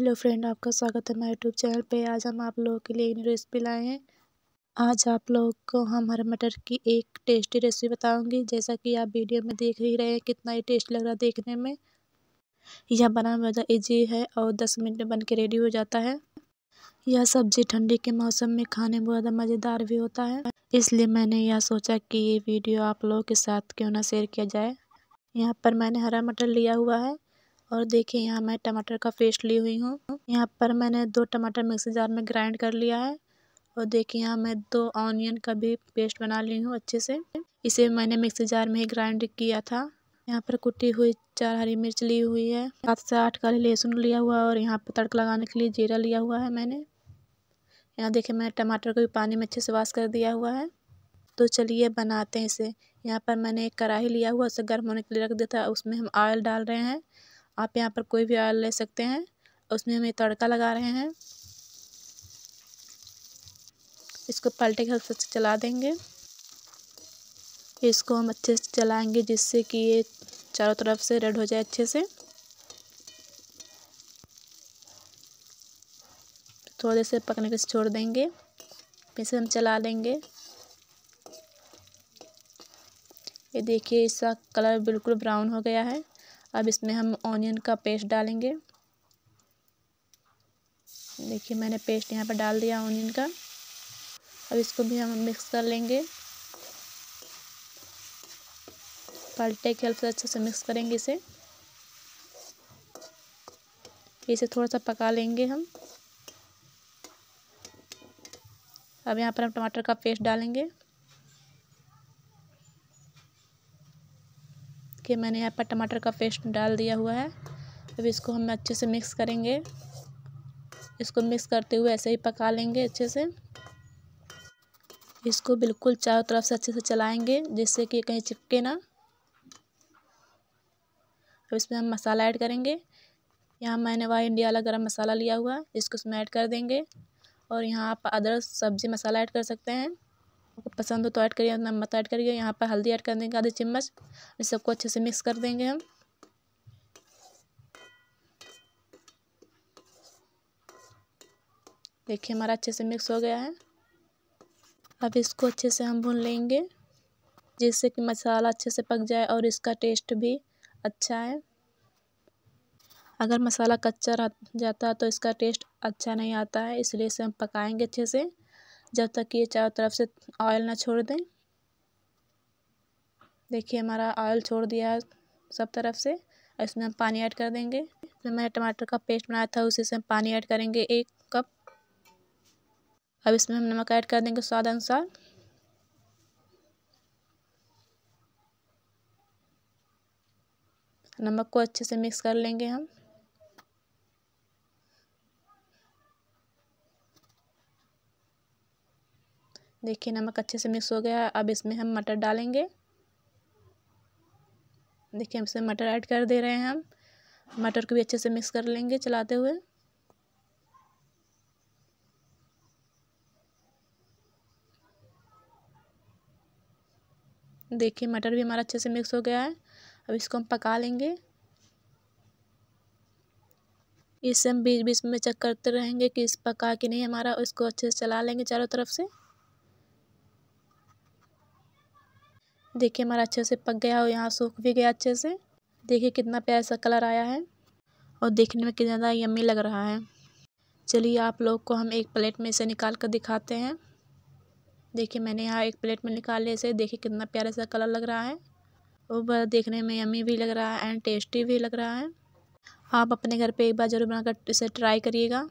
hello friend आपका स्वागत है हमारे यूट्यूब चैनल पे आज हम आप लोगों के लिए एक रेसिपी लाए हैं आज आप लोगों को हम हरे मटर की एक टेस्टी रेसिपी बताऊंगी जैसा कि आप वीडियो में देख ही रहे हैं कितना ही टेस्ट लग रहा है देखने में यह बनाना ज़्यादा ईजी है और दस मिनट में बन के रेडी हो जाता है यह सब्ज़ी ठंडी के मौसम में खाने में ज़्यादा मज़ेदार भी होता है इसलिए मैंने यह सोचा कि ये वीडियो आप लोगों के साथ क्यों ना शेयर किया जाए यहाँ पर मैंने हरा मटर लिया हुआ है और देखिए यहाँ मैं टमाटर का पेस्ट ली हुई हूँ यहाँ पर मैंने दो टमाटर मिक्सी जार में ग्राइंड कर लिया है और देखिए यहाँ मैं दो ऑनियन का भी पेस्ट बना ली हूँ अच्छे से इसे मैंने मिक्सी जार में ही ग्राइंड किया था यहाँ पर कुटी हुई चार हरी मिर्च ली हुई है सात से आठ काली लहसुन लिया हुआ और यहाँ पर तड़का लगाने के लिए जीरा लिया हुआ है मैंने यहाँ देखिए मैंने टमाटर को भी पानी में अच्छे से वाश कर दिया हुआ है तो चलिए बनाते हैं इसे यहाँ पर मैंने एक कढ़ाई लिया हुआ उसे गर्म होने के लिए रख दिया था उसमें हम ऑयल डाल रहे हैं आप यहाँ पर कोई भी ऑयल ले सकते हैं उसमें हम ये तड़का लगा रहे हैं इसको पलटे के हल्के से चला देंगे इसको हम अच्छे से चलाएंगे जिससे कि ये चारों तरफ से रेड हो जाए अच्छे से थोड़े से पकने के छोड़ देंगे इसे हम चला लेंगे ये देखिए इसका कलर बिल्कुल ब्राउन हो गया है अब इसमें हम ऑनियन का पेस्ट डालेंगे देखिए मैंने पेस्ट यहाँ पर डाल दिया ऑनियन का अब इसको भी हम मिक्स कर लेंगे पलटे की हेल्प से अच्छे से मिक्स करेंगे इसे इसे थोड़ा सा पका लेंगे हम अब यहाँ पर हम टमाटर का पेस्ट डालेंगे देखिए मैंने यहाँ पर टमाटर का पेस्ट डाल दिया हुआ है अब इसको हम अच्छे से मिक्स करेंगे इसको मिक्स करते हुए ऐसे ही पका लेंगे अच्छे से इसको बिल्कुल चारों तरफ से अच्छे से चलाएंगे जिससे कि कहीं चिपके ना अब इसमें हम मसाला ऐड करेंगे यहाँ मैंने वहाँ इंडिया वाला गर्म मसाला लिया हुआ है इसको इसमें ऐड कर देंगे और यहाँ आप अदरक सब्ज़ी मसाला ऐड कर सकते हैं आपको पसंद हो तो ऐड करिए ना मत ऐड करिए यहाँ पर हल्दी ऐड कर देंगे आधे चम्मच इस सबको अच्छे से मिक्स कर देंगे हम देखिए हमारा अच्छे से मिक्स हो गया है अब इसको अच्छे से हम भून लेंगे जिससे कि मसाला अच्छे से पक जाए और इसका टेस्ट भी अच्छा है अगर मसाला कच्चा रह जाता है तो इसका टेस्ट अच्छा नहीं आता है इसलिए इसे हम पकाएंगे अच्छे से जब तक ये चारों तरफ से ऑयल ना छोड़ दें देखिए हमारा ऑयल छोड़ दिया सब तरफ से इसमें हम पानी ऐड कर देंगे इसमें मैंने टमाटर का पेस्ट बनाया था उसी से हम पानी ऐड करेंगे एक कप अब इसमें हम नमक ऐड कर देंगे स्वाद अनुसार नमक को अच्छे से मिक्स कर लेंगे हम देखिए नमक अच्छे से मिक्स हो गया अब इसमें हम मटर डालेंगे देखिए हम इसमें मटर ऐड कर दे रहे हैं हम मटर को भी अच्छे से मिक्स कर लेंगे चलाते हुए देखिए मटर भी हमारा अच्छे से मिक्स हो गया है अब इसको हम पका लेंगे इसे हम बीच बीच में चेक करते रहेंगे कि इस पका कि नहीं हमारा इसको अच्छे से चला लेंगे चारों तरफ से देखिए हमारा अच्छे से पक गया और यहाँ सूख भी गया अच्छे से देखिए कितना प्यारा सा कलर आया है और देखने में कितना ज़्यादा यम्मी लग रहा है चलिए आप लोग को हम एक प्लेट में इसे निकाल कर दिखाते हैं देखिए मैंने यहाँ एक प्लेट में निकाले इसे देखिए कितना प्यारा सा कलर लग रहा है और देखने में यमी भी लग रहा है एंड टेस्टी भी लग रहा है आप अपने घर पे एक बार ज़रूर बनाकर इसे ट्राई करिएगा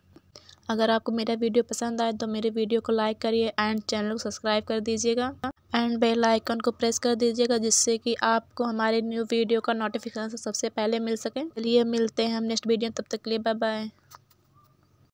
अगर आपको मेरा वीडियो पसंद आए तो मेरे वीडियो को लाइक करिए एंड चैनल को सब्सक्राइब कर दीजिएगा एंड बेल आइकन को प्रेस कर दीजिएगा जिससे कि आपको हमारे न्यू वीडियो का नोटिफिकेशन सबसे पहले मिल सके चलिए मिलते हैं हम नेक्स्ट वीडियो तब तक के लिए बाय बाय